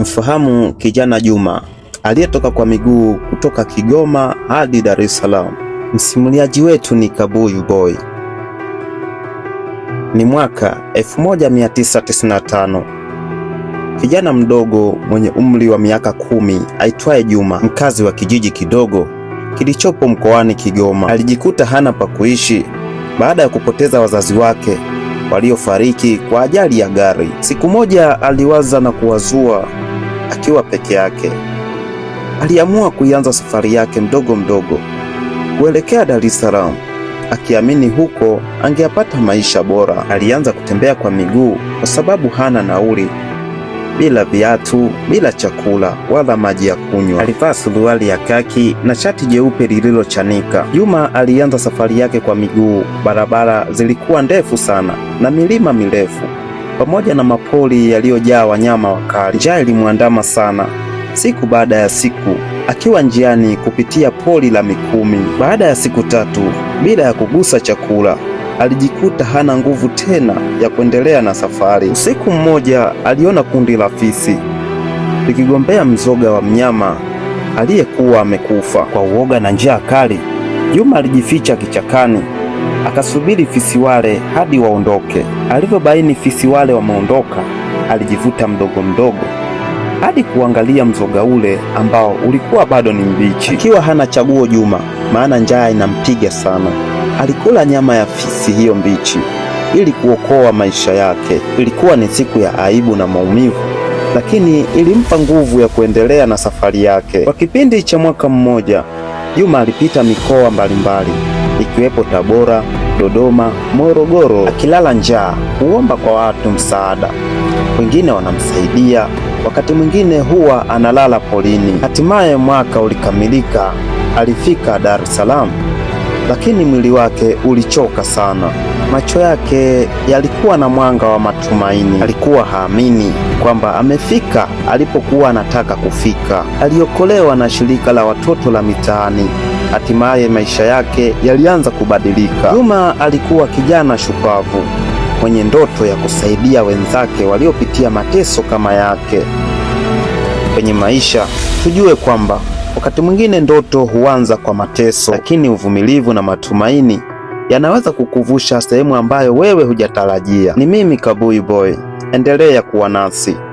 Mfahamu kijana Juma aliyetoka kwa miguu kutoka Kigoma hadi Dar es Salaam. Msimuliaji wetu ni Kabuyu Boy. Ni mwaka 1995. Kijana mdogo mwenye umri wa miaka kumi aitwaye Juma, mkazi wa kijiji kidogo kilichopo mkoani Kigoma, alijikuta hana pa kuishi baada ya kupoteza wazazi wake waliofariki kwa ajali ya gari. Siku moja aliwaza na kuwazua akiwa peke yake. Aliamua kuianza safari yake mdogo mdogo kuelekea Dar es Salaam, akiamini huko angeyapata maisha bora. Alianza kutembea kwa miguu kwa sababu hana nauli, bila viatu, bila chakula wala maji ya kunywa. Alivaa suruali ya kaki na shati jeupe lililochanika. Juma alianza safari yake kwa miguu. Barabara zilikuwa ndefu sana na milima mirefu pamoja na mapori yaliyojaa wanyama wakali. Njaa ilimwandama sana. Siku baada ya siku, akiwa njiani kupitia pori la Mikumi, baada ya siku tatu bila ya kugusa chakula, alijikuta hana nguvu tena ya kuendelea na safari. Usiku mmoja, aliona kundi la fisi likigombea mzoga wa mnyama aliyekuwa amekufa. Kwa uoga na njaa kali, Juma alijificha kichakani akasubiri fisi wale hadi waondoke. Alivyobaini fisi wale wameondoka, alijivuta mdogo mdogo hadi kuangalia mzoga ule ambao ulikuwa bado ni mbichi. Akiwa hana chaguo Juma, maana njaa inampiga sana, alikula nyama ya fisi hiyo mbichi ili kuokoa maisha yake. Ilikuwa ni siku ya aibu na maumivu, lakini ilimpa nguvu ya kuendelea na safari yake. Kwa kipindi cha mwaka mmoja, Juma alipita mikoa mbalimbali mbali ikiwepo Tabora, Dodoma, Morogoro. Akilala njaa huomba kwa watu msaada, wengine wanamsaidia, wakati mwingine huwa analala polini. Hatimaye mwaka ulikamilika, alifika Dar es Salaam, lakini mwili wake ulichoka sana. Macho yake yalikuwa na mwanga wa matumaini. Alikuwa haamini kwamba amefika alipokuwa anataka kufika. Aliokolewa na shirika la watoto la mitaani Hatimaye maisha yake yalianza kubadilika. Juma alikuwa kijana shupavu mwenye ndoto ya kusaidia wenzake waliopitia mateso kama yake. Kwenye maisha tujue kwamba wakati mwingine ndoto huanza kwa mateso, lakini uvumilivu na matumaini yanaweza kukuvusha sehemu ambayo wewe hujatarajia. Ni mimi Kabui Boy, endelea kuwa nasi.